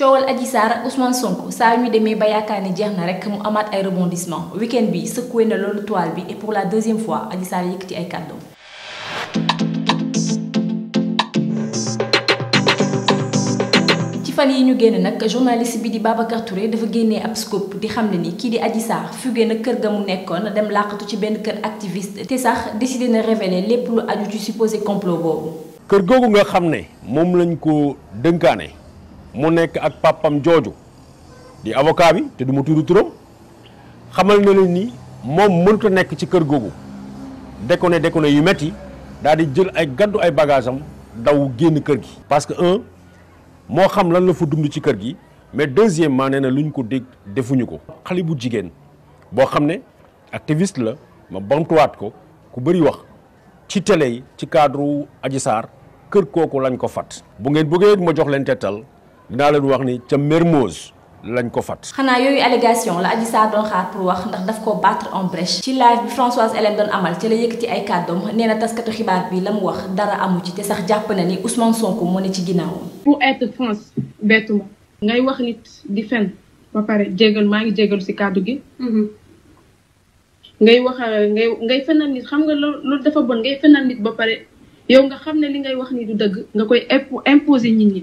coowal Adji Ousmane Sonko saa ñu demee ba yaakaar ne na rek mu amaat ay rebondissement week-end bi secoué na loolu toile bi et pour la deuxième fois Adji Sarr yëkkati ay kàddoom. ci fan yi ñu journaliste bi di Babacar Touré dafa génnee ab scoop di xam ne ni kii di Adji Sarr fuge na kër ga mu nekkoon dem làqatu ci benn kër activiste te sax décidé na révéler les lu aju ci supposé complot boobu. kër googu nga xam ne moom lañ ko dënkaane. mu nekk ak papam jooju di avocat bi te du ma tudd turam xamal na leen nii moom mënut nekk ci kër googu déconné déconné yu metti daal di jël ay gaddu ay bagage am daw génn kër gi. parce que un moo xam lan la fu dund ci kër gi mais deuxièmement nee na lu ñu ko dégg defuñu ko. xale bu jigéen boo xam ne activiste la ma bamtuwaat ko ku bëri wax ci télé yi ci cadre Adji Sarr kër kooku lañ ko fat bu ngeen bëggee ma jox leen tettal. dinaa leen wax ni ca Mermoz lañ ko fat xanaa yooyu allégation la Adji Sarr doon xaar pour wax ndax daf ko battre en brèche ci live bi Françoise Hélène doon amal ci la yëkkati ay kàddoom nee na taskatu xibaar bi la mu wax dara amu ci te sax jàpp na ni Ousmane Sonko moo ne ci ginnaawam. pour être France bêtement ngay wax nit di fen ba pare jégal maa ngi jégalu ci kàddu gi. Mhm. ngay wax ngay ngay fenal nit xam nga loolu dafa bon ngay fenal nit ba pare yow nga xam ne li ngay wax ni du dëgg nga koy imposer nit ñi.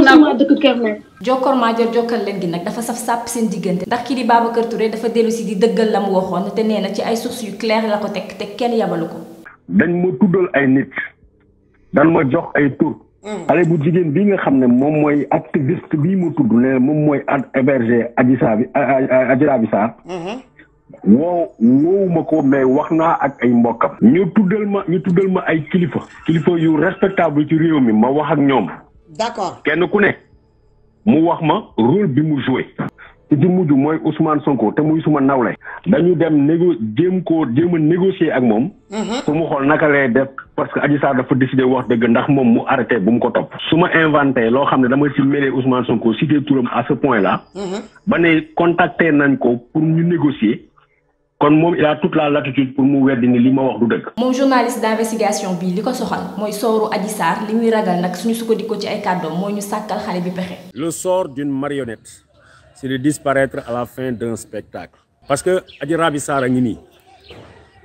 jokor major kër nag jokkor maajoor jokkal gi nag dafa saf sap sen digeunte ndax ki di Babacar Touré dafa delu ci di deugal lam waxon te neena ci ay source yu clair la ko tek te kenn yabaluko dañ mo tuddol ay nit dañ mo jox ay tour mm. ale bu jigen bi nga xamne mom moy activiste bi mo tuddu ne mom moy ad héberger adissa bi adira bi sa mm-hmm. wo wo mako waxna ak ay mbokam ñu tuddal ma ñu tuddal ma ay kilifa kilifa yu respectable ci réew mi ma wax ak ñom d'accord kenn ku ne mu wax ma rôle bi mu joué. ci di mujj mooy Ousmane Sonko te muy suma nawle dañu dem négo jéem koo jéem a négocier ak moom. su mhm. mu xool naka lay def parce que Adji Sarr dafa décidé wax dëgg ndax moom mu arrêté bu mu ko topp. su ma inventé loo xam ne dama ci mêlé Ousmane Sonko cité turam à ce point là. Mhm. ba ne contacté nañ ko pour ñu négocier. kon mom il a toute la latitude pour mu wedd ni li ma wax du deug mom journaliste d'investigation bi liko soxal moy sooru Adji li muy ragal nak suñu suko diko ci ay kàddoom mooy ñu sàkkal xale bi pexé le sort d'une marionnette c'est de disparaître à la fin d'un spectacle. parce que Adji Rabi Sarr a ngi nii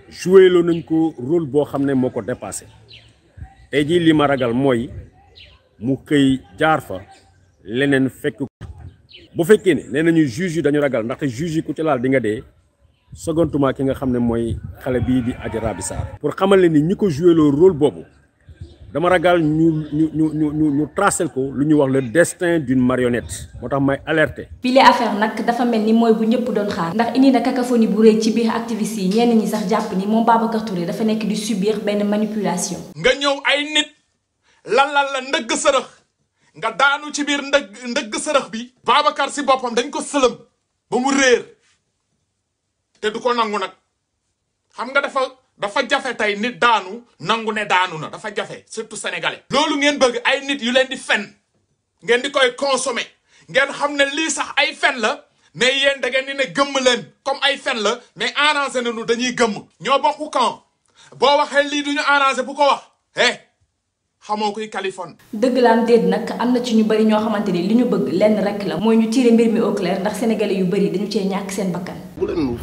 joué loo nañ ko rôle bo xamné moko dépasser ko dépassé li ma ragal moy mu xëy jaar fa leneen fekk. bu fekkee ne nañu juge dañu ragal ndax juge yi ku ci laal di nga dé secondement ki nga xamné moy xalé bi di Adji Raby pour xamal ni ñiko jouer le rôle bobu dama ragal ñu ñu ñu ñu ñu tracer ko lu ñu wax le destin d'une marionnette motax may alerter. pile affaire nak dafa melni moy bu ñepp doon xaar. ndax ini na cacophonie bu rëy ci bi activiste yi ñenn ñi sax japp ni moom Babacar Touré dafa nek di subir ben manipulation. nga ñew ay nit la la la ndëgg serex nga daanu ci biir ndëgg ndëgg serex bi. Babacar ci boppam dañ ko sëlëm ba mu reer te du ko nangu nag xam nga dafa dafa jafe tey nit daanu nangu ne daanu na dafa jafe surtout sénégalais. loolu ngeen bëgg ay nit yu leen di fen ngeen di koy consommer ngeen xam ne lii sax ay fen la mais yéen da ngeen di ne gëmm leen comme ay fen la mais arrangé nañu dañuy gëmm. ñoo bokk camp boo waxee lii du ñu arrangé bu ko wax eh, xamoo koy Kaliphone. dëgg la am déet nag am na ci ñu bari ñoo xamante ni li ñu bëgg lenn rek la. mooy ñu tiire mbir mi au clair ndax sénégalais yu bari dañu cee ñàkk seen bakkan. bu leen nu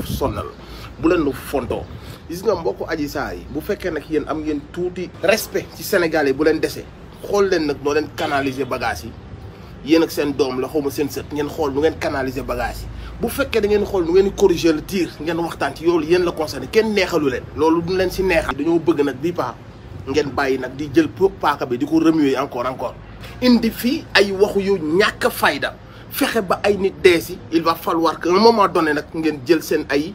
bu leen nu fontoo gis nga mbokku aji saa yi bu fekkee nag yéen am ngeen tuuti respect ci sénégalais bu leen dese xool leen nag noo leen canaliser bagage yi. yéen ak seen doom la xawma seen sët ngeen xool nu ngeen canaliser bagage yi bu fekkee da ngeen xool nu ngeen corriger le tir waxtaan ci yoolu yéen la concerné kenn neexalu loolu duñ leen si neexal dañoo bëgg nag bii ngeen bàyyi nag di jël paaka bi di ko remuer encore encore indi fii ay waxu yu ñàkk fayda fexe ba ay nit dee si il va falloir que un moment donné nag ngeen jël seen ay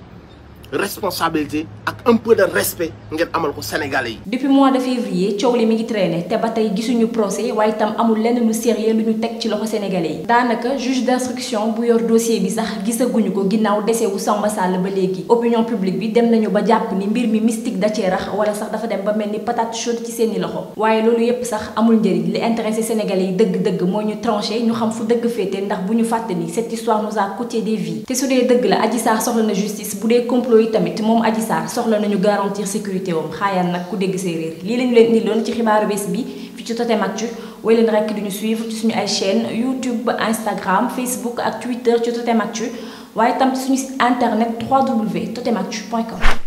responsabilité ak un peu de respect ngeen amal ko sénégalais yi. depuis mois de février coow li mi ngi traîner té ba tey gisuñu procès waaye tam amul lenn lu sérieux lu ñu teg ci loxo sénégalais yi. juge d'instruction bu yor dossier bi sax gisaguñu ko ginnaw déssé wu Samba Sall ba légui opinion publique bi dem nañu ba japp ni mbir mi mystique da cee rax wala sax dafa dem ba melni ni patate chaude ci seeni loxo. waye lolu yépp sax amul ndëri li intéressé sénégalais yi dëgg-dëgg mooy ñu tranché ñu xam fu dëgg fété ndax bu ñu fàtte ni cette histoire nous a coûté des vies té su dee dëgg la aji sax soxla na justice bu dé complot yooyu tamit moom aji Sarr soxla nañu garantir sécurité wam xaayaan nag ku dégg séeréer lii lañu leen indiloon ci xibaaru bés bi fi ci Totem Actu way leen rekk duñu suivre ci suñu ay chaîne YouTube Instagram Facebook ak Twitter ci Totem Actu waaye tam ci suñu site internet www.totemactu.com